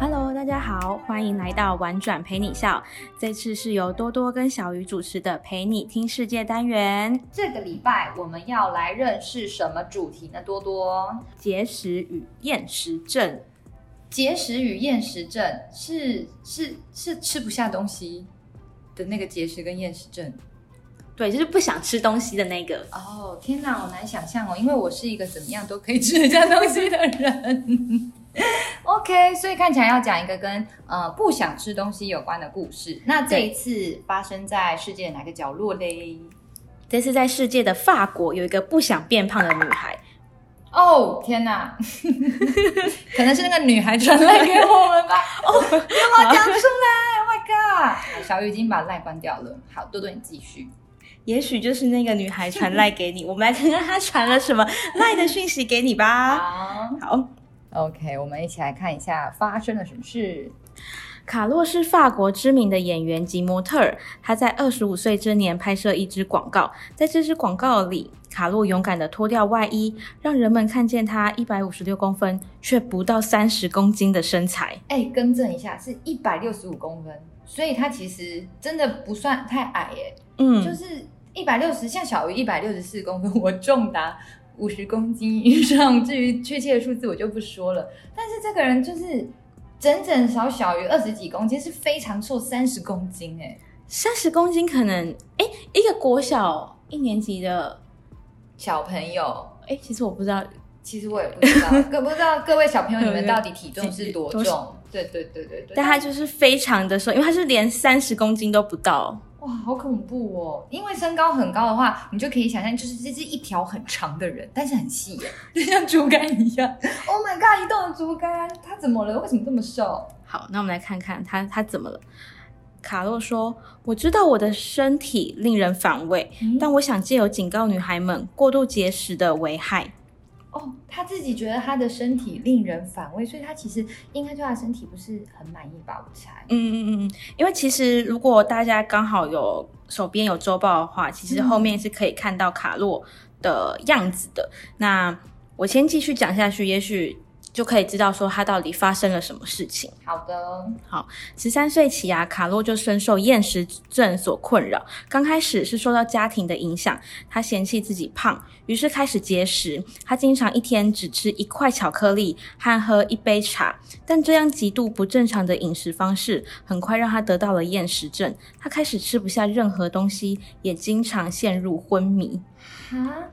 Hello，大家好，歡迎來到《玩轉陪你笑》。這次是由多多跟小魚主持的《陪你聽世界》單元。這個禮拜我們要來認識什麼主題呢？多多，節食與厭食症。節食與厭食症是是是，是吃不下東西的那個節食跟厭食症。對，就是不想吃東西的那個。哦、oh,，天哪，我難想象哦，因為我是一個怎麼樣都可以吃得下東西的人。 OK，所以看起來要講一個跟呃不想吃東西有關的故事。那這一次發生在世界的哪個角落嘞？這次在世界的法國有一個不想變胖的女孩。哦、oh,，天哪！ 可能是那個女孩傳賴給我們吧。哦，你快講出來、 oh、！My God，小雨已經把賴關掉了。好，多多你繼續。也許就是那個女孩傳賴給你。我們來看看她傳了什麼賴的訊息給你吧。 好。好 OK，我們一起來看一下發生了什麼事。卡洛是法國知名的演員及模特，他在二十五歲之年拍攝一支廣告。在這支廣告裡，卡洛勇敢地脫掉外衣，讓人們看見他一百五十六公分卻不到三十公斤的身材。哎，更正一下，是一百六十五公分，所以他其實真的不算太矮耶，嗯，就是一百六十，像小於一百六十四公分，我重達。五十公斤以上，至於確切的數字我就不說了。但是這個人就是整整少小於二十幾公斤，是非常瘦，三十公斤哎、欸，三十公斤可能哎、欸，一個國小一年級的小朋友哎、欸，其實我不知道，其實我也不知道， 不知道各位小朋友你們到底體重是多重？ 呃、對，對，對對對對對。但他就是非常的瘦，因為他是連三十公斤都不到。哇，好恐怖哦！因為身高很高的話，你就可以想象，就是這是一條很長的人，但是很細， 就像竹竿一樣。Oh my god！一棟竹竿，他怎麼了？為什麼這麼瘦？好，那我們來看看他他怎麼了。卡洛說：“我知道我的身體令人反胃，嗯、但我想借由警告女孩們、嗯、過度節食的危害。”哦，他自己覺得他的身體令人反胃，所以他其實應該對他的身體不是很滿意吧？我猜。嗯嗯嗯，因為其實如果大家剛好有手邊有週報的話，其實後面是可以看到卡洛的樣子的。嗯、那我先繼續講下去，也許。就可以知道說他到底發生了什麼事情。好的，好。十三歲起啊，卡洛就深受厭食症所困擾。剛開始是受到家庭的影響，他嫌棄自己胖，於是開始節食。他經常一天只吃一塊巧克力和喝一杯茶。但這樣極度不正常的飲食方式，很快讓他得到了厭食症。他開始吃不下任何東西，也經常陷入昏迷。啊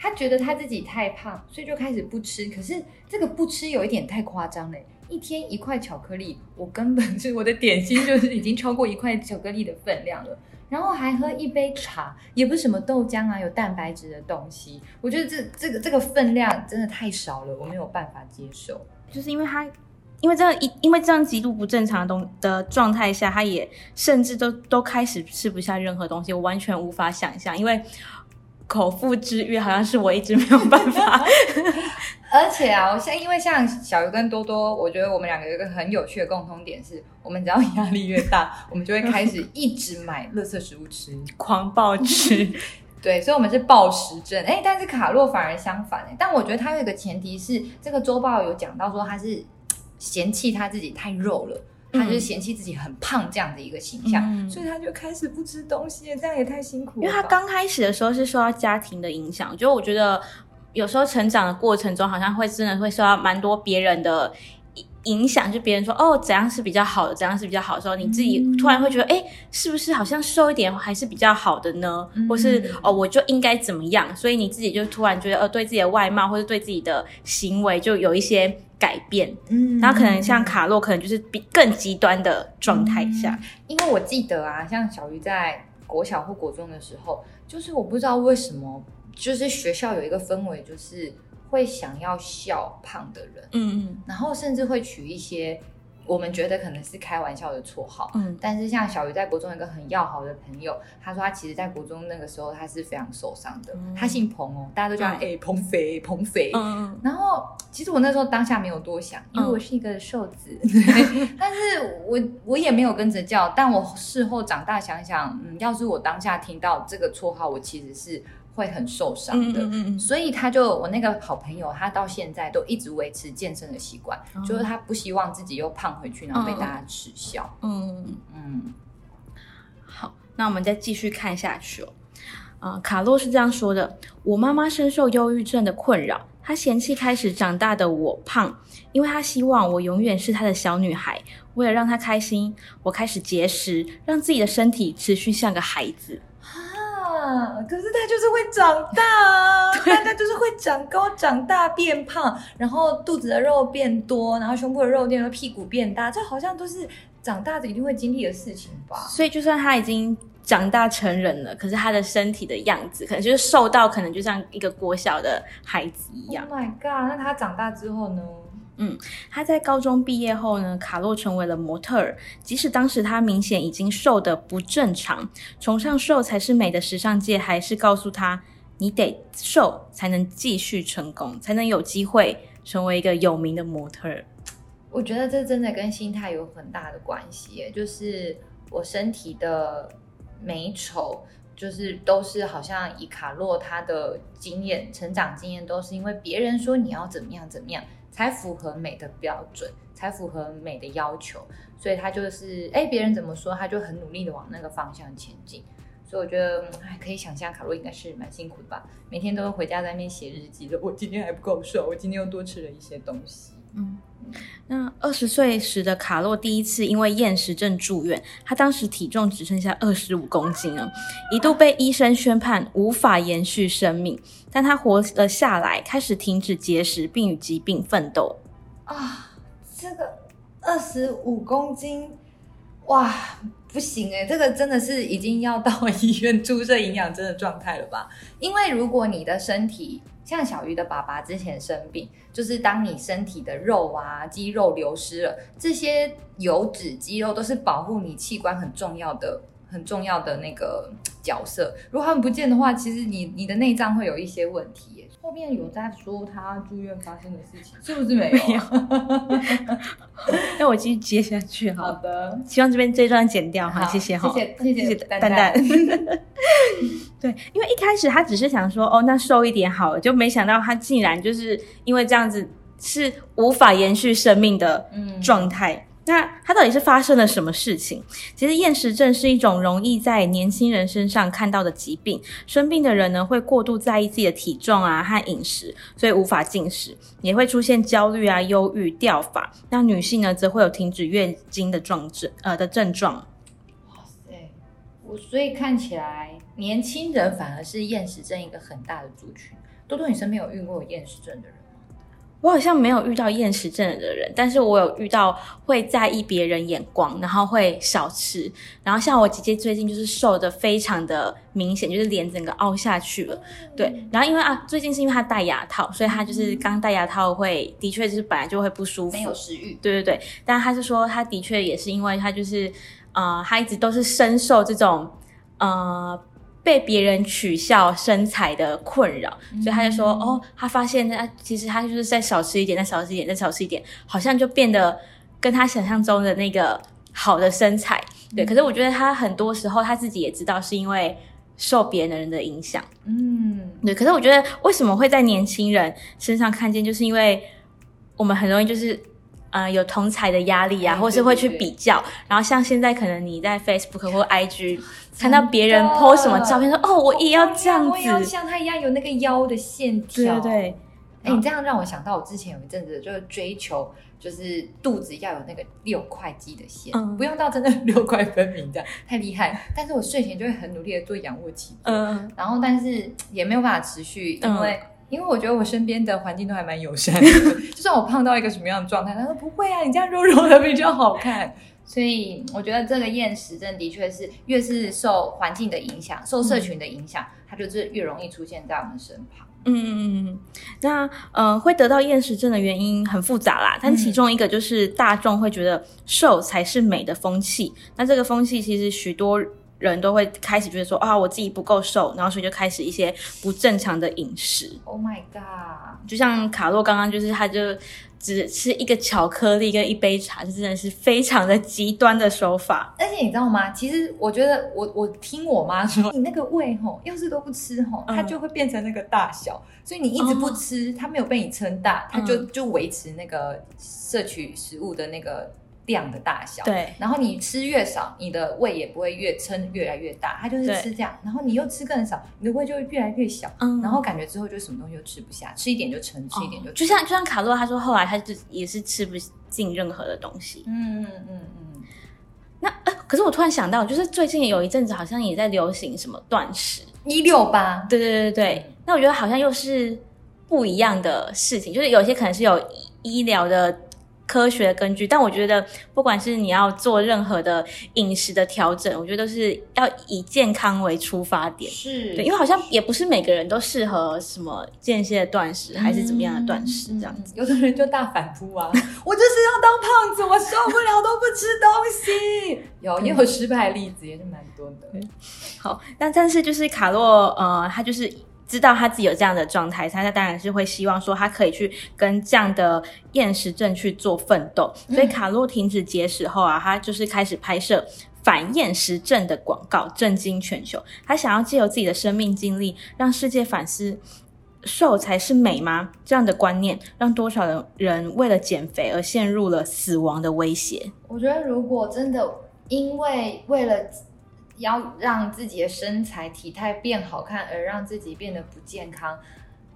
他覺得他自己太胖，所以就開始不吃。可是這個不吃有一點太誇張嘞，一天一塊巧克力，我根本就是我的點心就是已經超過一塊巧克力的分量了。然後還喝一杯茶，也不是什麼豆漿啊，有蛋白質的東西。我覺得這這個這個分量真的太少了，我沒有辦法接受。就是因為他，因為這樣一，因為這樣極度不正常的東的狀態下，他也甚至都都開始吃不下任何東西，我完全無法想象，因為。口腹之慾好像是我一直沒有辦法 而且啊，我像因為像小魚跟多多，我覺得我們兩個有一個很有趣的共通點是，是我們只要壓力越大， 我們就會開始一直買垃圾食物吃，狂暴吃， 對，所以，我們是暴食症。哎、欸，但是卡洛反而相反，欸，但我覺得他有一個前提是，這個週報有講到說他是嫌棄他自己太肉了。他就嫌棄自己很胖這樣的一個形象，嗯、所以他就開始不吃東西，這樣也太辛苦了。因為他剛開始的時候是受到家庭的影響，就我覺得有時候成長的過程中，好像會真的會受到蠻多別人的影響，就別人說哦怎樣是比較好的，怎樣是比較好的、嗯，的時候，你自己突然會覺得哎、欸，是不是好像瘦一點還是比較好的呢？嗯、或是哦我就應該怎麼樣？所以你自己就突然覺得呃對自己的外貌或者對自己的行為就有一些。改變，嗯，然後可能像卡洛，可能就是比更極端的狀態下。嗯，因為我記得啊，像小魚在國小或國中的時候，就是我不知道為什麼，就是學校有一個氛圍，就是會想要笑胖的人，嗯，然後甚至會取一些。我們覺得可能是開玩笑的綽號，嗯，但是像小魚在國中一個很要好的朋友，他說他其實在國中那個時候他是非常受傷的，嗯，他姓彭哦，大家都叫他哎，嗯欸，彭肥彭肥，嗯，然後其實我那時候當下沒有多想，因為我是一個瘦子，嗯，但是我我也沒有跟着叫， 但我事後長大想想，嗯，要是我當下聽到這個綽號，我其實是會很受傷的，嗯嗯嗯，所以他就，我那個好朋友，他到現在都一直維持健身的習慣，嗯、就是他不希望自己又胖回去，嗯、然後被大家恥笑。嗯嗯、嗯，好，那我們再繼續看下去哦。啊、卡洛是這樣說的：我媽媽深受憂鬱症的困擾，她嫌棄開始長大的我胖，因為她希望我永遠是她的小女孩。為了讓她開心，我開始節食，讓自己的身體持續像個孩子。啊、可是他就是會長大，他他就是會長高、長大、變胖，然後肚子的肉變多，然後胸部的肉變多，屁股變大，這好像都是長大的一定會經歷的事情吧？所以就算他已經長大成人了，可是他的身體的樣子可能就是瘦到可能就像一個國小的孩子一樣。Oh my god！那他長大之後呢？嗯，他在高中畢業後呢，卡洛成為了模特兒。即使當時他明顯已經瘦得不正常，崇尚瘦才是美的時尚界，還是告訴他，你得瘦才能繼續成功，才能有機會成為一個有名的模特兒。我覺得這真的跟心態有很大的關係欸，就是我身體的美醜，就是都是好像以卡洛他的經驗，成長經驗都是因為別人說你要怎麼樣怎麼樣。才符合美的標準，才符合美的要求，所以他就是哎，別人怎麼說，他就很努力的往那個方向前進。所以我覺得，還可以想象卡洛應該是蠻辛苦的吧，每天都回家在那寫日記的。我今天還不夠瘦，我今天又多吃了一些東西。嗯，那二十歲時的卡洛第一次因為厭食症住院，他當時體重只剩下二十五公斤了，一度被醫生宣判無法延續生命，但他活了下來，開始停止節食，並與疾病奮鬥。啊，這個二十五公斤，哇，不行欸，這個真的是已經要到醫院注射營養針的狀態了吧？因為如果你的身體……像小魚的爸爸之前生病，就是當你身體的肉啊、肌肉流失了，這些油脂、肌肉都是保護你器官很重要的、很重要的那個角色。如果他們不見的話，其實你、你的內臟會有一些問題。後面有在說他住院發生的事情，是不是沒有？ 那我繼續接下去好，好的。希望這邊這段剪掉哈，謝謝哈，謝謝謝謝蛋蛋。 對，因為一開始他只是想說哦，那瘦一點好了，就沒想到他竟然，就是因為這樣子是無法延續生命的狀態。嗯那它,它到底是發生了什麼事情？其實厭食症是一種容易在年輕人身上看到的疾病。生病的人呢，會過度在意自己的體重啊和飲食，所以無法進食，也會出現焦慮啊、憂鬱、掉髮。那女性呢，則會有停止月經的狀症，呃的症狀。哇塞，我所以看起來年輕人反而是厭食症一個很大的族群。多多你身邊有遇過有厭食症的人？我好像沒有遇到厭食症的人，但是我有遇到會在意別人眼光，然後會少吃。然後像我姐姐最近就是瘦得非常的明顯，就是臉整個凹下去了。對，然後因為啊，最近是因為她戴牙套，所以她就是剛戴牙套會、嗯，的確就是本來就會不舒服，沒有食慾。對對對，但她是說她的確也是因為她就是，呃，她一直都是深受這種，呃。.被別人取笑身材的困擾，所以他就說：“嗯、哦，他發現他其實他就是再少吃一點，再少吃一點，再少吃一點，好像就變得跟他想象中的那個好的身材。嗯”對，可是我覺得他很多時候他自己也知道是因為受別人的人的影響。嗯，對。可是我覺得為什麼會在年輕人身上看見，就是因為我們很容易就是。呃，有同儕的壓力啊，或是會去比較。哎、對對對，然後像現在，可能你在 Facebook 或 IG、嗯、看到別人 post 什麼照片說，說、嗯、哦，我也要這樣子，我也要像他一樣有那個腰的線條。對哎、欸嗯，你這樣讓我想到，我之前有一陣子就是追求，就是肚子要有那個六塊肌的線、嗯，不用到真的六塊分明的、嗯、太厲害。但是我睡前就會很努力的做仰臥起，嗯，然後但是也沒有辦法持續，嗯、因為。因為我覺得我身邊的環境都還蠻友善，就算我胖到一個什麼樣的狀態，他說不會啊，你這樣肉肉的比較好看。 所以我覺得這個厭食症的確是越是受環境的影響，受社群的影響，嗯、它就是越容易出現在我們身旁。嗯嗯嗯嗯。那呃，會得到厭食症的原因很複雜啦，但其中一個就是大眾會覺得瘦才是美的風氣。那這個風氣其實許多。人都會開始覺得說啊，我自己不夠瘦，然後所以就開始一些不正常的飲食。Oh my god！就像卡洛剛剛就是，他就只吃一個巧克力跟一杯茶，就真的是非常的極端的手法。而且你知道嗎？其實我覺得，我我聽我媽說， 你那個胃吼要是都不吃吼，它就會變成那個大小。所以你一直不吃， 它沒有被你撐大，它就就維持那個攝取食物的那個。量的大小，對，然後你吃越少，你的胃也不會越撐越來越大，他就是吃這樣，然後你又吃更少，你的胃就會越來越小，嗯，然後感覺之後就什麼東西都吃不下，吃一點就撐。哦，吃一點就，就像就像卡洛他說，後來他就也是吃不進任何的東西，嗯嗯嗯嗯，那、呃、可是我突然想到，就是最近有一陣子好像也在流行什麼斷食，一六八，對對對對對，嗯，那我覺得好像又是不一樣的事情，就是有些可能是有醫療的。科學的根據，但我覺得不管是你要做任何的飲食的調整，我覺得都是要以健康為出發點，是，對，因為好像也不是每個人都適合什麼間歇斷食，還是怎麼樣的斷食這樣子、嗯嗯，有的人就大反撲啊， 我就是要當胖子，我受不了都不吃東西，有也有失敗例子也是蠻多的， 好，但但是就是卡洛，呃，他就是。知道他自己有這樣的狀態，他當然是會希望說他可以去跟這樣的厭食症去做奮鬥。嗯。所以卡洛停止節食後啊，他就是開始拍攝反厭食症的廣告，震驚全球。他想要借由自己的生命經歷，讓世界反思“瘦才是美”嗎？這樣的觀念讓多少的人為了減肥而陷入了死亡的威脅。我覺得如果真的因為為了要讓自己的身材體態變好看，而讓自己變得不健康。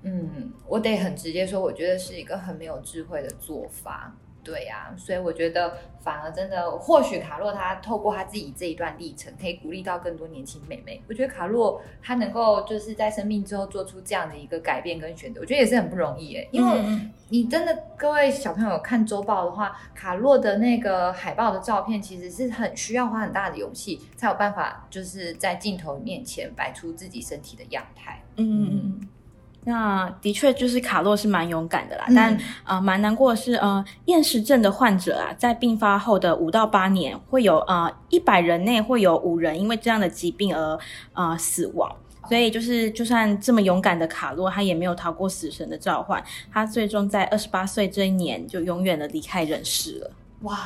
嗯，我得很直接說，我覺得是一個很沒有智慧的做法。對啊，所以我覺得反而真的，或許卡洛他透過他自己這一段歷程，可以鼓勵到更多年輕妹妹。我覺得卡洛他能夠就是在生病之後做出這樣的一個改變跟選擇，我覺得也是很不容易哎、欸。因為你真的、嗯、各位小朋友看周報的話，卡洛的那個海報的照片，其實是很需要花很大的勇氣，才有辦法就是在鏡頭面前擺出自己身體的樣態。嗯嗯嗯。那的確就是卡洛是蠻勇敢的啦，嗯、但呃蠻難過的是，呃厭食症的患者啊，在病發後的五到八年，會有呃一百人內會有五人因為這樣的疾病而啊、呃、死亡、哦。所以就是就算這麼勇敢的卡洛，他也沒有逃過死神的召喚。他最終在二十八歲這一年就永遠的離開人世了。哇，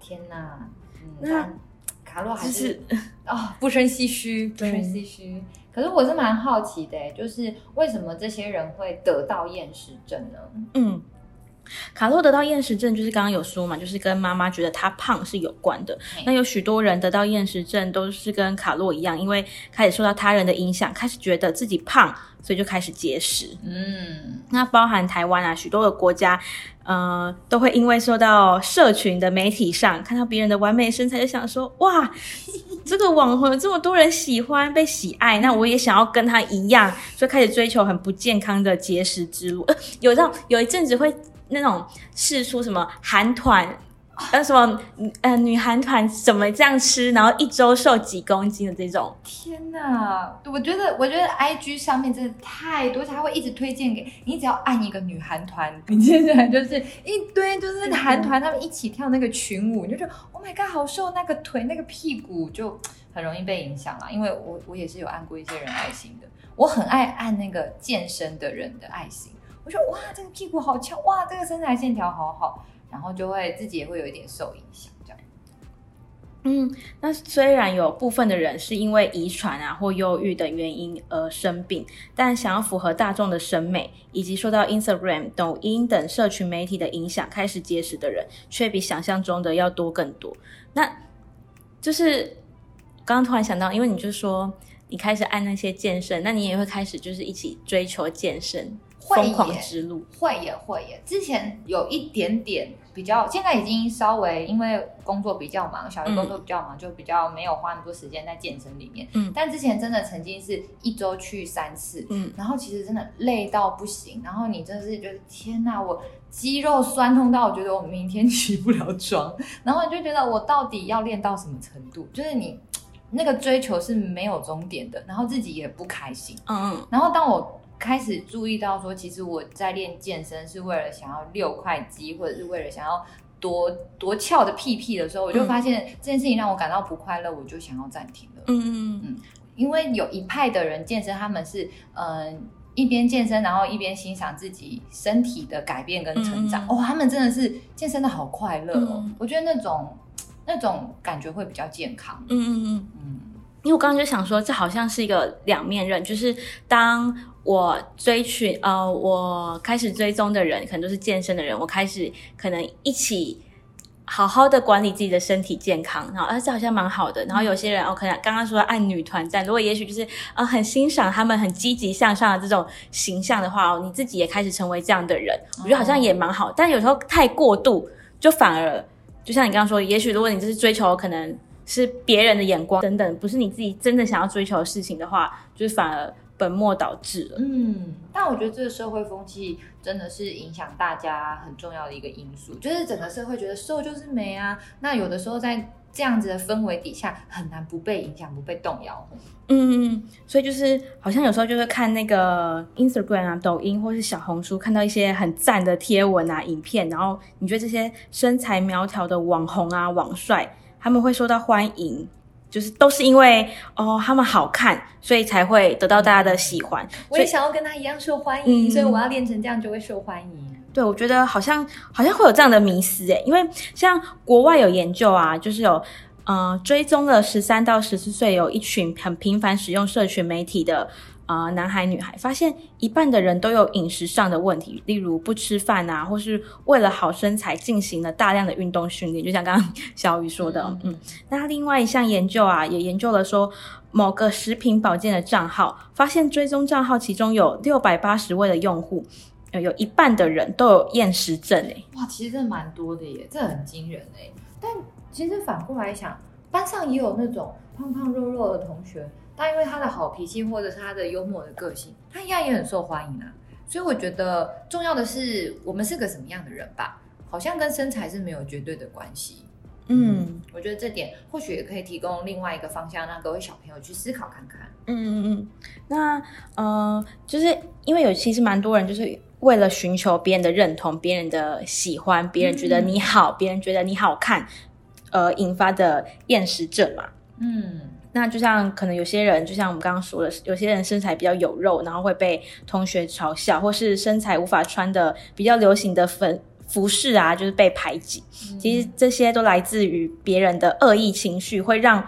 天哪！嗯、那卡洛還是啊不生唏噓，不生唏噓。可是我是蠻好奇的欸，就是為什麼這些人會得到厭食症呢？嗯。卡洛得到厭食症，就是剛剛有說嘛，就是跟媽媽覺得她胖是有關的。那有許多人得到厭食症，都是跟卡洛一樣，因為開始受到他人的影響，開始覺得自己胖，所以就開始節食。嗯，那包含台灣啊，許多的國家，呃，都會因為受到社群的媒體上看到別人的完美的身材，就想說哇，這個網紅這麼多人喜歡被喜愛，那我也想要跟他一樣，所以開始追求很不健康的節食之路。呃，有到有一陣子會。那種試出什麼韓團，那什麼呃女韓團怎麼這樣吃，然後一週瘦幾公斤的這種，天哪！我覺得我覺得 IG 上面真的太多，他會一直推薦給你，只要按一個女韓團， 你接下來就是一堆就是那個韓團他們一起跳那個群舞，你就覺得 Oh my god，好瘦，那個腿那個屁股就很容易被影響了。因為我我也是有按過一些人愛心的，我很愛按那個健身的人的愛心。我說哇，這個屁股好翹哇，這個身材線條好好，然後就會自己也會有一點受影響這樣。嗯，那雖然有部分的人是因為遺傳啊或憂鬱等原因而生病，但想要符合大眾的審美以及受到 Instagram、抖音等社群媒體的影響開始節食的人，卻比想象中的要多更多。那就是剛剛突然想到，因為你就說你開始按那些健身，那你也會開始就是一起追求健身。瘋狂之路，會也會也。之前有一點點比較，現在已經稍微因為工作比較忙，小學工作比較忙，嗯，就比較沒有花那麼多時間在健身裡面。嗯，但之前真的曾經是一周去三次，嗯，然後其實真的累到不行。然後你真的是覺得天哪，我肌肉酸痛到我覺得我明天起不了床。然後你就覺得我到底要練到什麼程度？就是你那個追求是沒有終點的，然後自己也不開心。嗯，然後當我。開始注意到說，其實我在練健身是為了想要六塊肌，或者是為了想要多多翹的屁屁的時候，我就發現這件事情讓我感到不快樂，我就想要暫停了。嗯，嗯，嗯，因為有一派的人健身，他們是嗯、呃、一邊健身，然後一邊欣賞自己身體的改變跟成長。哇、嗯嗯哦，他們真的是健身得好快樂哦，嗯嗯！我覺得那種那種感覺會比較健康。嗯嗯嗯。嗯因為我剛剛就想說，這好像是一個兩面刃，就是當我追尋呃，我開始追蹤的人，可能都是健身的人，我開始可能一起好好的管理自己的身體健康，然後，呃、這好像蠻好的。然後有些人，我、哦、可能剛剛說按女團戰，如果也許就是呃，很欣賞他們很積極向上的這種形象的話，哦，你自己也開始成為這樣的人，我覺得好像也蠻好。哦、但有時候太過度，就反而就像你剛剛說，也許如果你這是追求可能是別人的眼光等等，不是你自己真的想要追求的事情的話，就是反而本末倒置了。嗯，但我覺得這個社會風氣真的是影響大家很重要的一個因素，就是整個社會覺得瘦就是美啊。那有的時候在這樣子的氛圍底下，很難不被影響，不被動搖。嗯嗯，所以就是好像有時候就是看那個 Instagram 啊、抖音或是小紅書，看到一些很讚的貼文啊、影片，然後你覺得這些身材苗條的網紅啊、網帥。他們會受到歡迎，就是都是因為哦，他們好看，所以才會得到大家的喜歡。嗯、我也想要跟他一樣受歡迎，嗯，所以我要練成這樣就會受歡迎。對，我覺得好像好像會有這樣的迷思耶，因為像國外有研究啊，就是有嗯、呃、追蹤了十三到十四歲有一群很頻繁使用社群媒體的，啊、呃，男孩女孩，發現一半的人都有飲食上的問題，例如不吃飯啊，或是為了好身材進行了大量的運動訓練。就像剛剛小雨說的、哦嗯，嗯，那另外一項研究啊，也研究了說某個食品保健的賬號，發現追蹤賬號其中有六百八十位的用戶，有一半的人都有厭食症。誒，哇，其實這蠻多的耶，這很驚人哎。但其實反過來想，班上也有那種胖胖肉肉的同學。但因為他的好脾氣，或者是他的幽默的個性，他一樣也很受歡迎啊。所以我覺得重要的是我們是個什麼樣的人吧，好像跟身材是沒有絕對的關係。嗯。嗯，我覺得這點或許也可以提供另外一個方向，讓各位小朋友去思考看看。嗯嗯嗯。那呃，就是因為有其實蠻多人就是為了尋求別人的認同、別人的喜歡、別人覺得你好、別人、嗯嗯、別人覺得你好看，而、呃、引發的厭食症嘛。嗯。那就像可能有些人，就像我們剛剛說的，有些人身材比較有肉，然後會被同學嘲笑，或是身材無法穿的比較流行的粉服飾啊，就是被排擠。嗯。其實這些都來自於別人的惡意情緒，會讓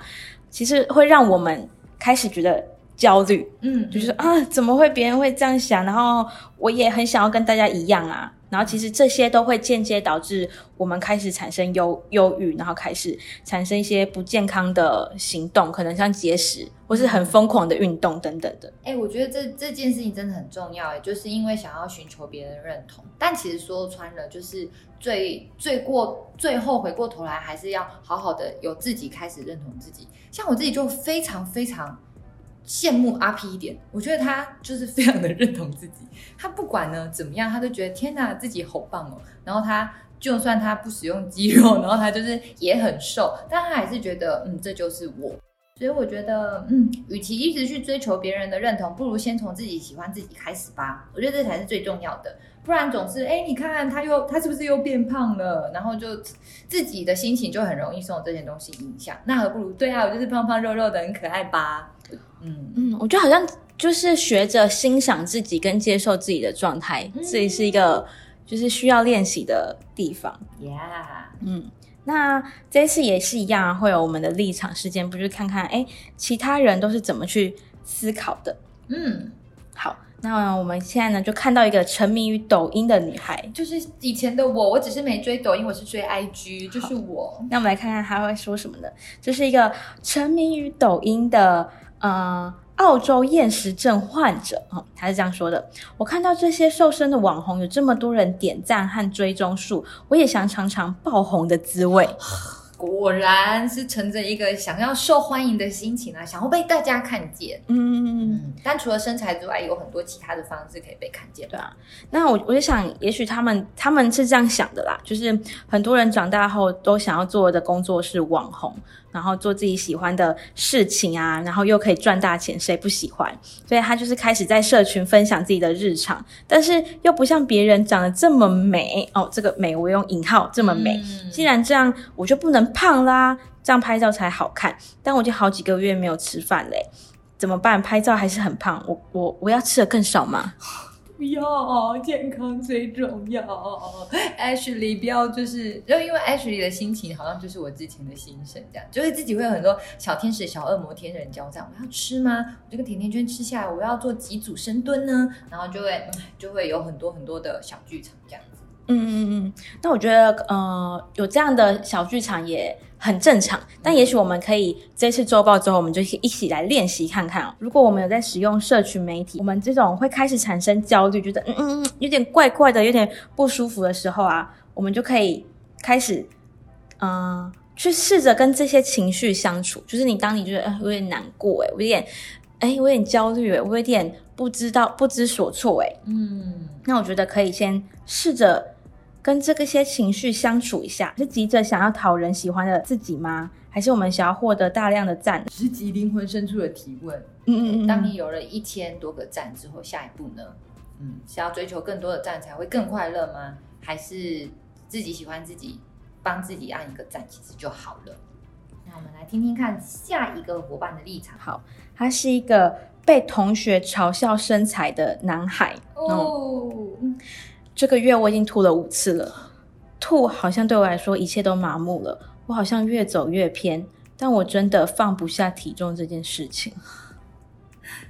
其實會讓我們開始覺得焦慮。嗯，就是啊，怎麼會別人會這樣想？然後我也很想要跟大家一樣啊。然後其實這些都會間接導致我們開始產生憂憂鬱，然後開始產生一些不健康的行動，可能像節食或是很瘋狂的運動等等的哎、欸，我覺得這這件事情真的很重要，誒，就是因為想要尋求別人認同。但其實說穿了，就是最最過最後回過頭來，還是要好好的由自己開始認同自己。像我自己就非常非常。羨慕阿 P 一點，我覺得他就是非常的認同自己。他不管呢怎麼樣，他都覺得天哪，自己好棒哦。然後他就算他不使用肌肉，然後他就是也很瘦，但他還是覺得嗯，這就是我。所以我覺得嗯，與其一直去追求別人的認同，不如先從自己喜歡自己開始吧。我覺得這才是最重要的。不然總是哎、欸，你看他又他是不是又變胖了？然後就自己的心情就很容易受這些東西影響。那何不如對啊，我就是胖胖肉肉的，很可愛吧。嗯嗯，我覺得好像就是學着欣賞自己跟接受自己的狀態，自己是一個就是需要練習的地方。Yeah。嗯，那這次也是一樣啊，會有我們的立場時間，不就是看看哎、欸，其他人都是怎麼去思考的？嗯，好，那我們現在呢就看到一個沉迷於抖音的女孩，就是以前的我，我只是沒追抖音，我是追 IG，就是我。那我們來看看她會說什麼呢？這、就是一個沉迷於抖音的。呃、嗯，澳洲厭食症患者，嗯、哦，他是這樣說的。我看到這些瘦身的網紅有這麼多人點讚和追蹤數，我也想嚐嚐爆紅的滋味。果然是乘着一個想要受歡迎的心情啊，想要被大家看見。嗯，但除了身材之外，有很多其他的方式可以被看見。對啊，那我我就想，也許他們他們是這樣想的啦，就是很多人長大後都想要做的工作是網紅。然後做自己喜歡的事情啊，然後又可以賺大錢，誰不喜歡？所以他就是開始在社群分享自己的日常，但是又不像別人長得這麼美哦，這個美我用引號這麼美，嗯。既然這樣，我就不能胖啦，這樣拍照才好看。但我就好幾個月沒有吃飯嘞，欸，怎麼辦？拍照還是很胖，我我我要吃得更少嗎？不要，健康最重要。Ashley，不要就是，因為 Ashley 的心情好像就是我之前的心神這樣，就會、是、自己會有很多小天使、小惡魔、天人交戰。我要吃嗎？我這個甜甜圈吃下來，我要做幾組深蹲呢？然後就會、嗯、就會有很多很多的小劇場這樣。嗯嗯嗯，那我覺得呃，有這樣的小劇場也很正常。但也許我們可以這次週報之後，我們就一起來練習看看哦。如果我們有在使用社群媒體，我們這種會開始產生焦慮，覺得嗯嗯嗯，有點怪怪的，有點不舒服的時候啊，我們就可以開始嗯、呃、去試着跟這些情緒相處。就是你當你覺得呃有點難過哎、欸，我有點哎我、欸、有點焦慮我、欸、有點不知道不知所措、欸、嗯，那我覺得可以先試着。跟這個些情緒相處一下，是急着想要討人喜歡的自己嗎？還是我們想要獲得大量的讚？直擊靈魂深處的提問。嗯嗯，嗯、欸、當你有了一千多個讚之後，下一步呢？嗯，想要追求更多的讚才會更快樂嗎、嗯？還是自己喜歡自己，幫自己按一個讚其實就好了？那我們來聽聽看下一個夥伴的立場。好，他是一個被同學嘲笑身材的男孩。哦。嗯這個月我已經吐了五次了，吐好像對我來說一切都麻木了，我好像越走越偏，但我真的放不下體重這件事情。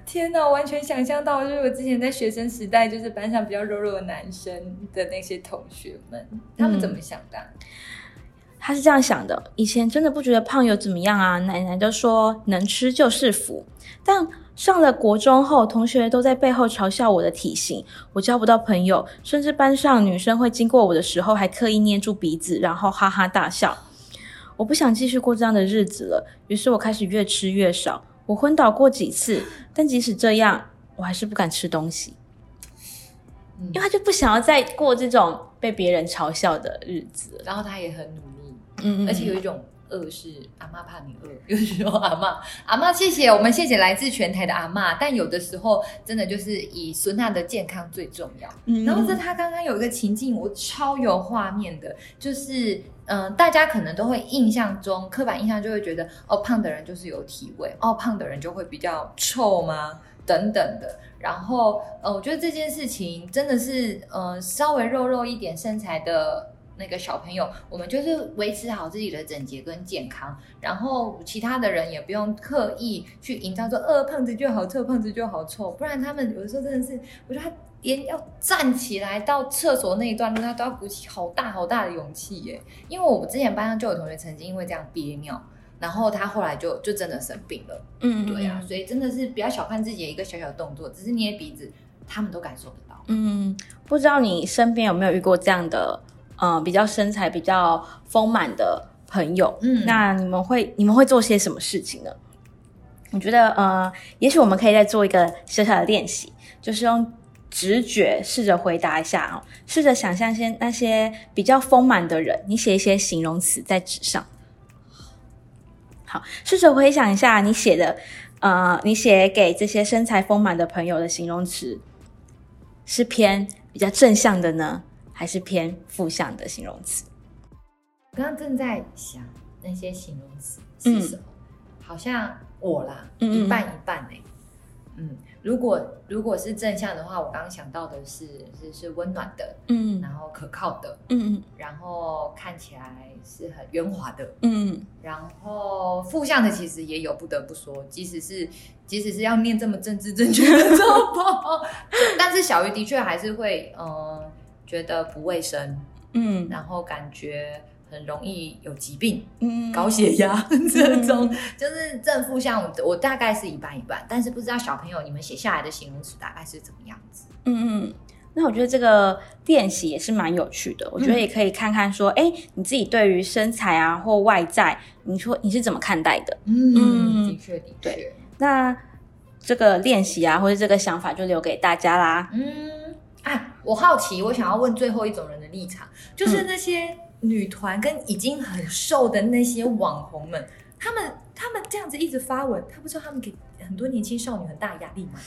天哪，完全想象到就是我之前在學生時代，就是班上比較肉肉的男生的那些同學們，他們怎麼想的、嗯？他是這樣想的，以前真的不覺得胖又怎麼樣啊，奶奶都說能吃就是福，但。上了國中後，同學都在背後嘲笑我的體型，我交不到朋友，甚至班上女生會經過我的時候，還刻意捏住鼻子，然後哈哈大笑。我不想繼續過這樣的日子了，於是我開始越吃越少。我昏倒過幾次，但即使這樣，我還是不敢吃東西，嗯，因為他就不想要再過這種被別人嘲笑的日子了。然後他也很努力，嗯嗯嗯，而且有一種。餓是阿媽怕你餓，就是說阿媽，阿媽謝謝我們，謝謝來自全台的阿媽。但有的時候真的就是以孫娜的健康最重要。嗯、然後呢，他剛剛有一個情境，我超有畫面的，就是嗯、呃，大家可能都會印象中刻板印象就會覺得哦，胖的人就是有體味，哦，胖的人就會比較臭嗎？等等的。然後呃，我覺得這件事情真的是嗯、呃，稍微肉肉一點身材的。那個小朋友，我們就是維持好自己的整潔跟健康，然後其他的人也不用刻意去營造說，呃，胖子就好臭，胖子就好臭，不然他們有的時候真的是，我覺得他連要站起來到廁所那一段路，他都要鼓起好大好大的勇氣耶。因為我們之前班上就有同學曾經因為這樣憋尿，然後他後來就就真的生病了。嗯，嗯，對啊，所以真的是不要小看自己的一個小小的動作，只是捏鼻子，他們都感受得到。嗯，不知道你身邊有沒有遇過這樣的呃，比較身材比較豐滿的朋友，嗯，那你們會你們會做些什麼事情呢？我覺得，呃，也許我們可以再做一個小小的練習，就是用直覺試着回答一下哦，試着想象一些那些比較豐滿的人，你寫一些形容詞在紙上。好，試着回想一下你寫的，呃，你寫給這些身材豐滿的朋友的形容詞，是偏比較正向的呢？還是偏負向的形容詞。我剛剛正在想那些形容詞是什麼、嗯，好像我啦，嗯嗯一半一半呢、欸。嗯，如果如果是正向的話，我剛剛想到的是是是溫暖的，嗯，然後可靠的，嗯，嗯然後看起來是很圓滑的，嗯，嗯，然後負向的其實也有，不得不說，即使是即使是要念這麼政治正確的時候 但是小魚的確還是會嗯。呃覺得不衛生，嗯，然後感覺很容易有疾病，嗯，高血壓、嗯、這種、嗯，就是正負向，我大概是一半一半，但是不知道小朋友你們寫下來的形容詞大概是怎麼樣子，嗯嗯，那我覺得這個練習也是蠻有趣的，我覺得也可以看看說，哎、嗯欸，你自己對於身材啊或外在，你說你是怎麼看待的，嗯，嗯的確的確，對，那這個練習啊或者這個想法就留給大家啦，嗯。哎、我好奇，我想要問最後一種人的立場，就是那些女團跟已經很瘦的那些網紅們，他們他們這樣子一直發文，他不知道他們給很多年輕少女很大壓力嗎？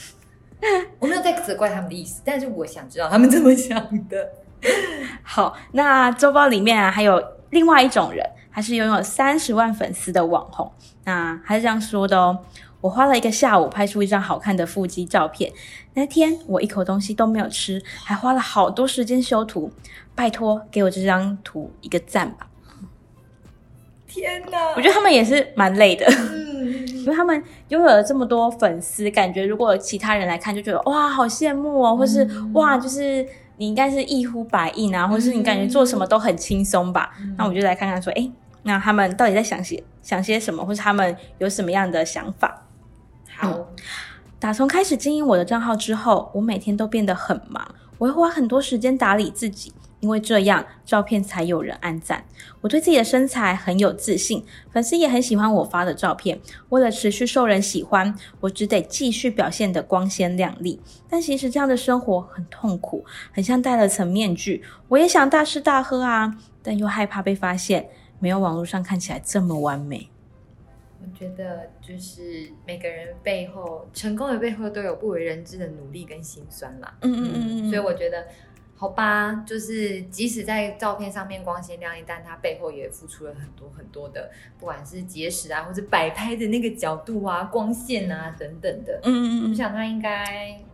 我沒有在責怪他們的意思，但是我想知道他們怎麼想的。 好，那周報裡面、啊、還有另外一種人，還是擁有三十萬粉絲的網紅，那還是這樣說的哦。我花了一個下午拍出一張好看的腹肌照片。那天我一口東西都沒有吃，還花了好多時間修圖。拜托，給我這張圖一個讚吧！天吶，我覺得他們也是蠻累的，嗯，因為他們擁有了這麼多粉絲，感覺如果有其他人來看，就覺得哇，好羨慕哦，喔，或是，嗯，哇，就是你應該是一呼百應啊，或是你感覺做什麼都很輕鬆吧？那，嗯，我就來看看說、說、欸，哎，那他們到底在想些想些什麼，或是他們有什麼樣的想法？嗯，打從開始經營我的賬號之後，我每天都變得很忙。我會花很多時間打理自己，因為這樣照片才有人按讚。我對自己的身材很有自信，粉絲也很喜歡我發的照片。為了持續受人喜歡，我只得繼續表現得光鮮亮麗。但其實這樣的生活很痛苦，很像戴了層面具。我也想大吃大喝啊，但又害怕被發現，沒有網絡上看起來這麼完美。覺得就是每個人背後成功的背後都有不為人知的努力跟辛酸啦。嗯嗯嗯，嗯，嗯，所以我覺得好吧，就是即使在照片上面光鮮亮麗，但他背後也付出了很多很多的，不管是節食啊，或者擺拍的那個角度啊、光線啊等等的。嗯嗯，嗯，我想他應該。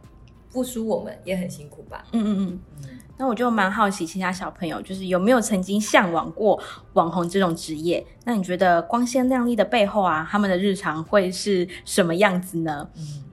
不輸，我們也很辛苦吧。嗯嗯嗯。那我就蠻好奇，其他小朋友就是有沒有曾經嚮往過網紅這種職業？那你覺得光鮮亮麗的背後啊，他們的日常會是什麼樣子呢？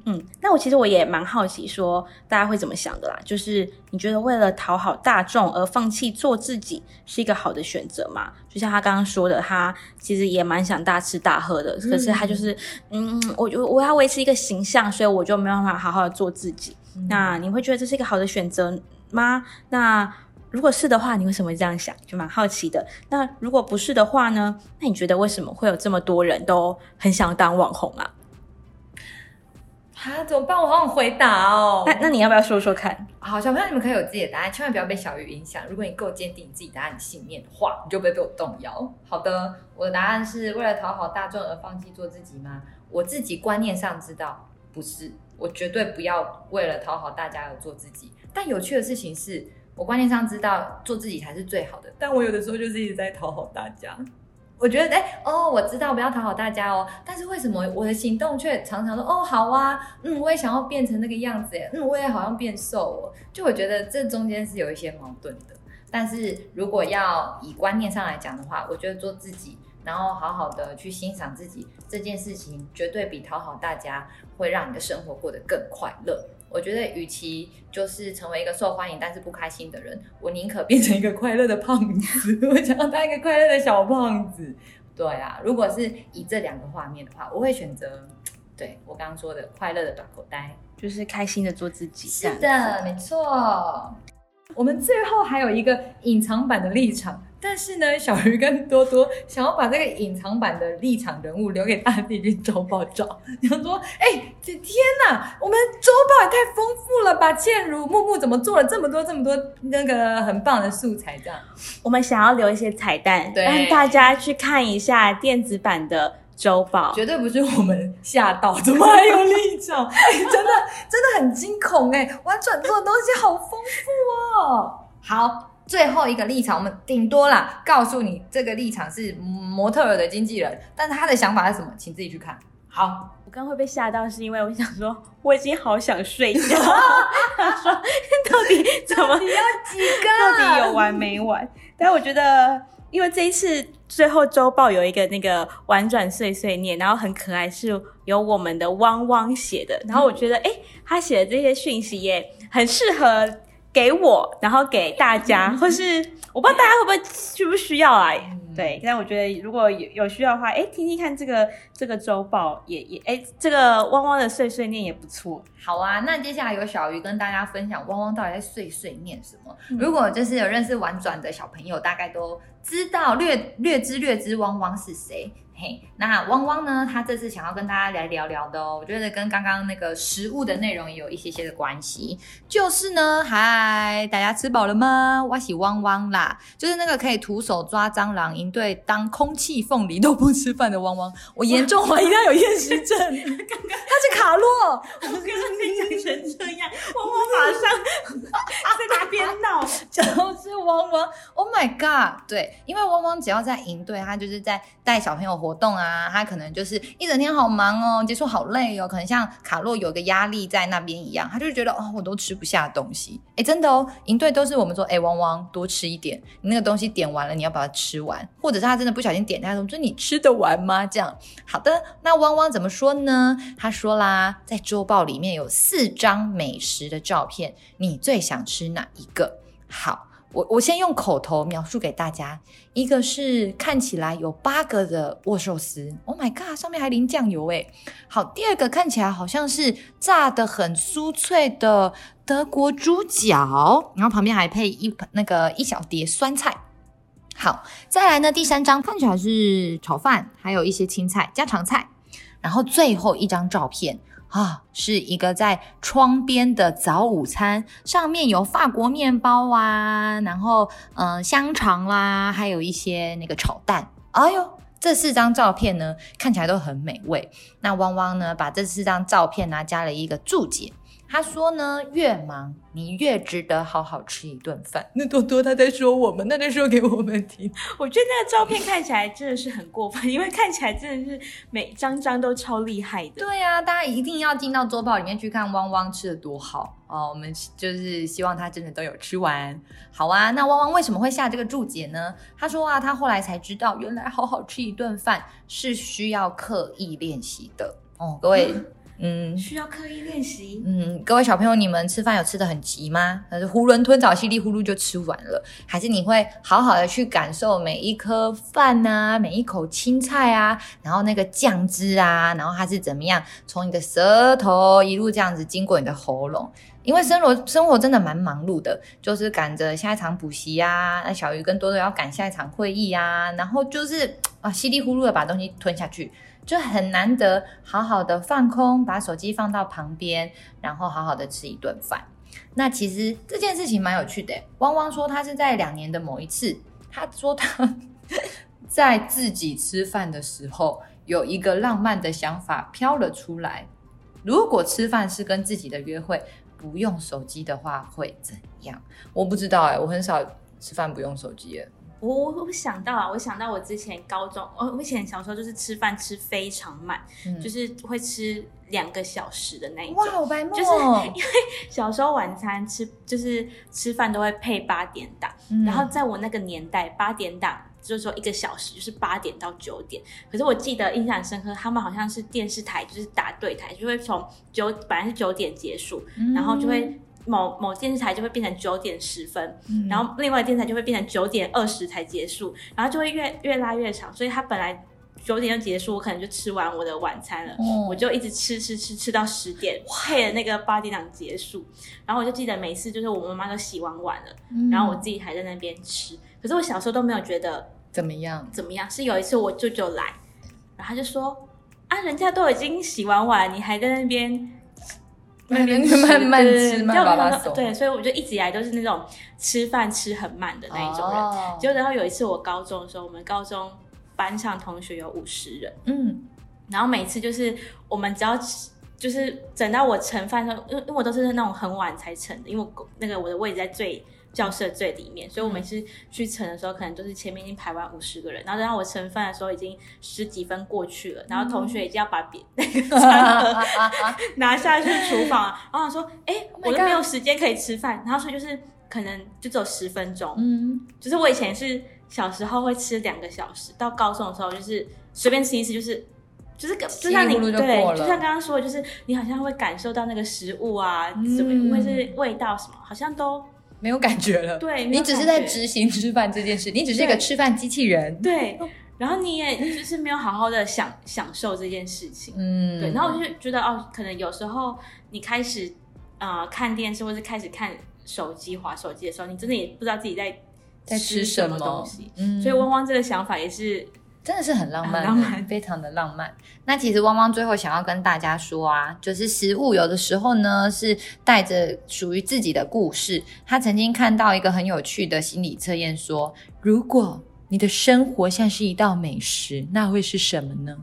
嗯，那我其實我也蠻好奇，說大家會怎麼想的啦？就是你覺得為了討好大眾而放棄做自己，是一個好的選擇嗎？就像他剛剛說的，他其實也蠻想大吃大喝的，可是他就是嗯，我我要維持一個形象，所以我就沒辦法好好的做自己。嗯、那你會覺得這是一個好的選擇嗎？那如果是的話，你為什麼會這樣想？就蠻好奇的。那如果不是的話呢？那你覺得為什麼會有這麼多人都很想當網紅啊？啊，怎麼辦？我好想回答哦。那那你要不要說說看？好，小朋友，你們可以有自己的答案，千萬不要被小魚影響。如果你夠堅定你自己答案的信念的話，你就不會被我動搖。好的，我的答案是為了討好大眾而放棄做自己嗎？我自己觀念上知道不是。我絕對不要為了討好大家而做自己。但有趣的事情是，我觀念上知道做自己才是最好的，但我有的時候就是一直在討好大家。我覺得，哎、欸，哦，我知道不要討好大家哦，但是為什麼我的行動卻常常說，哦，好啊，嗯，我也想要變成那個樣子欸，嗯，我也好像變瘦了。就我覺得這中間是有一些矛盾的。但是如果要以觀念上來講的話，我覺得做自己，然後好好的去欣賞自己這件事情，絕對比討好大家會讓你的生活過得更快樂。我覺得，與其就是成為一個受歡迎但是不開心的人，我寧可變成一個快樂的胖子。 我想要當一個快樂的小胖子。對啊，如果是以這兩個畫面的話，我會選擇，對，我剛剛說的快樂的短口袋，就是開心的做自己。是的，沒錯。 我們最後還有一個隱藏版的立場。但是呢，小魚跟多多想要把這個隱藏版的立場人物留給大家去周報找。然後說，哎、欸，這天哪，我們周報也太豐富了吧！倩如木木怎麼做了這麼多這麼多那個很棒的素材？這樣，我們想要留一些彩蛋，對，讓大家去看一下電子版的周報。絕對不是我們嚇到的，怎麼還有立場？哎、 欸，真的真的很驚恐哎、欸！玩轉做的東西好豐富哦、喔。好。最後一個立場，我們頂多啦告訴你這個立場是模特兒的經紀人，但是他的想法是什麼，請自己去看。好，我剛剛會被嚇到，是因為我想說我已經好想睡覺。 他說到底怎麼？要幾個？到底有完沒完？ 但我覺得，因為這一次最後周報有一個那個玩轉碎碎念，然後很可愛，是有我們的汪汪寫的。然後我覺得，哎、嗯欸，他寫的這些訊息耶，很適合。給我，然後給大家，或是我不知道大家會不會需不需要啊？對，但我覺得如果有有需要的話，誒，聽聽看這個這個周報也也哎，這個汪汪的碎碎念也不錯。好啊，那接下來由小魚跟大家分享汪汪到底在碎碎念什麼？嗯。如果就是有認識玩轉的小朋友，大概都知道略略知略知汪汪是誰。嘿，那汪汪呢？他這次想要跟大家來聊聊的哦，我覺得跟剛剛那個食物的內容也有一些些的關係。就是呢，嗨，大家吃飽了嗎？我是汪汪啦，就是那個可以徒手抓蟑螂，營隊，當空氣鳳梨都不吃飯的汪汪。我嚴重懷疑他有厭食症。剛 剛他是卡洛， 剛剛是卡洛 我跟他講成這樣， 汪汪馬上 在那邊鬧， 就是汪汪。Oh my god！對，因為汪汪只要在營隊，他就是在帶小朋友活動。活動啊，他可能就是一整天好忙哦，結束好累哦，可能像卡洛有個壓力在那邊一樣，他就是覺得哦，我都吃不下東西，哎、欸，真的哦，營隊都是我們說，哎、欸，汪汪多吃一點，你那個東西點完了，你要把它吃完，或者是他真的不小心點太多，他說你吃得完嗎？這樣，好的，那汪汪怎麼說呢？他說啦，在周報裡面有四張美食的照片，你最想吃哪一個？好。我我先用口頭描述給大家，一個是看起來有八個的握壽司，Oh my god，上面還淋醬油誒。好，第二個看起來好像是炸得很酥脆的德國豬腳，然後旁邊還配一盆那個一小碟酸菜。好，再來呢，第三張看起來是炒飯，還有一些青菜家常菜，然後最後一張照片。啊，是一個在窗邊的早午餐，上面有法國麵包啊，然後嗯、呃，香腸啦，還有一些那個炒蛋。哎呦，這四張照片呢，看起來都很美味。那汪汪呢，把這四張照片呢，加了一個注解。他說呢，越忙你越值得好好吃一頓飯。那多多他在說我們，他在說給我們聽。我覺得那個照片看起來真的是很過分， 因為看起來真的是每張張都超厲害的。對啊，大家一定要進到週報裡面去看汪汪吃得多好哦。我們就是希望他真的都有吃完。好啊，那汪汪為什麼會下這個註解呢？他說啊，他後來才知道，原來好好吃一頓飯是需要刻意練習的。哦、嗯，各位。嗯嗯，需要刻意練習。嗯，各位小朋友，你們吃飯有吃得很急嗎？還是囫圇吞棗、稀里糊塗就吃完了？還是你會好好的去感受每一顆飯啊，每一口青菜啊，然後那個醬汁啊，然後它是怎麼樣從你的舌頭一路這樣子經過你的喉嚨？因為生活生活真的蠻忙碌的，就是趕着下一場補習呀，那小魚跟多多要趕下一場會議啊，然後就是啊稀里糊塗的把東西吞下去。就很難得好好的放空，把手機放到旁邊，然後好好的吃一頓飯。那其實這件事情蠻有趣的欸。汪汪說他是在兩年的某一次，他說他在自己吃飯的時候有一個浪漫的想法飄了出來。如果吃飯是跟自己的約會，不用手機的話會怎樣？我不知道哎欸，我很少吃飯不用手機耶。我我想到啊，我想到我之前高中，我、哦、我以前小時候就是吃飯吃非常慢，嗯、就是會吃兩個小時的那一種。哇，就是因為小時候晚餐吃就是吃飯都會配八點檔、嗯，然後在我那個年代，八點檔就是說一個小時就是八點到九點。可是我記得印象深刻，他們好像是電視台就是打對台，就會從九本來是九點結束，然後就會。某某電視台就會變成九點十分、嗯，然後另外的電視台就會變成九點二十才結束，然後就會越越拉越長。所以他本來九點就結束，我可能就吃完我的晚餐了，哦、我就一直吃吃吃吃到十點，壞了那個八點檔結束。然後我就記得每次就是我媽媽都洗完碗了、嗯，然後我自己還在那邊吃。可是我小時候都沒有覺得怎麼樣，怎麼樣？是有一次我舅舅來，然後他就說啊，人家都已經洗完碗，你還在那邊。就慢慢吃，嘛對對，對，對，所以我就一直以來都是那種吃飯吃很慢的那一種人。就、oh. 然後有一次我高中的時候，我們高中班上同學有五十人，oh. 嗯，然後每次就是我們只要吃就是整到我盛飯的時候，因因為我都是那種很晚才盛的，因為我那個我的位置在最。教室最裡面，所以我們每次去盛的時候，嗯、可能就是前面已經排完五十個人，然後等到我盛飯的時候已經十幾分過去了，然後同學已經要把那個餐盒、嗯、 拿下來去廚房、啊，然後說：“哎、欸，我都沒有時間可以吃飯。”然後所以就是可能就只有十分鐘，嗯，就是我以前是小時候會吃兩個小時，到高中的時候就是隨便吃一次、就是，就是就是就像你就對，就像剛剛說的，就是你好像會感受到那個食物啊，什、嗯、麼會是味道什麼，好像都。沒有感覺了，對，你只是在執行吃飯這件事，你只是一個吃飯機器人，對。對，然後你也你只是，沒有好好的享 享受這件事情，嗯，對。然後我就覺得、嗯、哦，可能有時候你開始啊、呃、看電視，或是開始看手機、滑手機的時候，你真的也不知道自己在在吃什麼東西，嗯。所以汪汪這個想法也是。真的是很浪漫的、哎、很浪漫，非常的浪漫。 那其實汪汪最後想要跟大家說啊，就是食物有的時候呢是帶着屬於自己的故事。他曾經看到一個很有趣的心理測驗說，說如果你的生活像是一道美食，那會是什麼呢？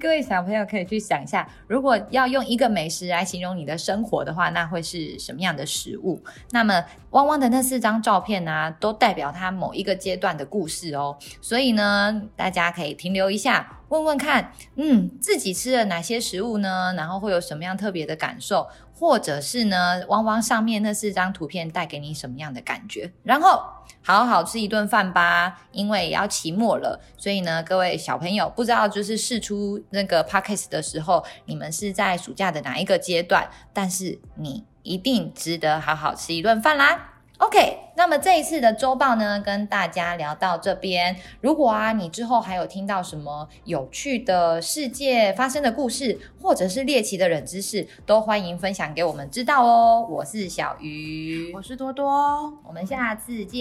各位小朋友可以去想一下，如果要用一個美食來形容你的生活的話，那會是什麼樣的食物？那麼汪汪的那四張照片呢、啊，都代表它某一個階段的故事哦。所以呢，大家可以停留一下，問問看，嗯，自己吃了哪些食物呢？然後會有什麼樣特別的感受？或者是呢，汪汪上面那四張圖片帶給你什麼樣的感覺？然後好好吃一頓飯吧，因為也要期末了，所以呢，各位小朋友不知道就是試出那個 podcast 的時候，你們是在暑假的哪一個階段？但是你一定值得好好吃一頓飯啦。OK，那麼這一次的周報呢，跟大家聊到這邊。如果啊，你之後還有聽到什麼有趣的世界發生的故事，或者是獵奇的冷知識，都歡迎分享給我們知道哦。我是小魚，我是多多，我們下次見，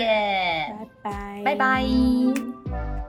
拜拜，拜拜。